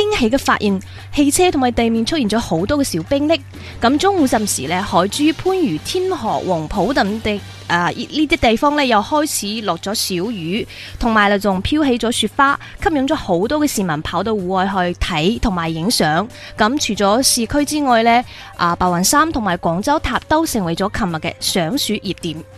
驚喜嘅發現，汽車同埋地面出現咗好多嘅小冰粒。咁中午陣時呢，海珠、番禺、天河、黃埔等地啊，呢啲地方呢，又開始落咗小雨，同埋啦仲飄起咗雪花，吸引咗好多嘅市民跑到戶外去睇同埋影相。咁除咗市區之外呢，啊白雲山同埋廣州塔都成為咗琴日嘅賞雪熱點。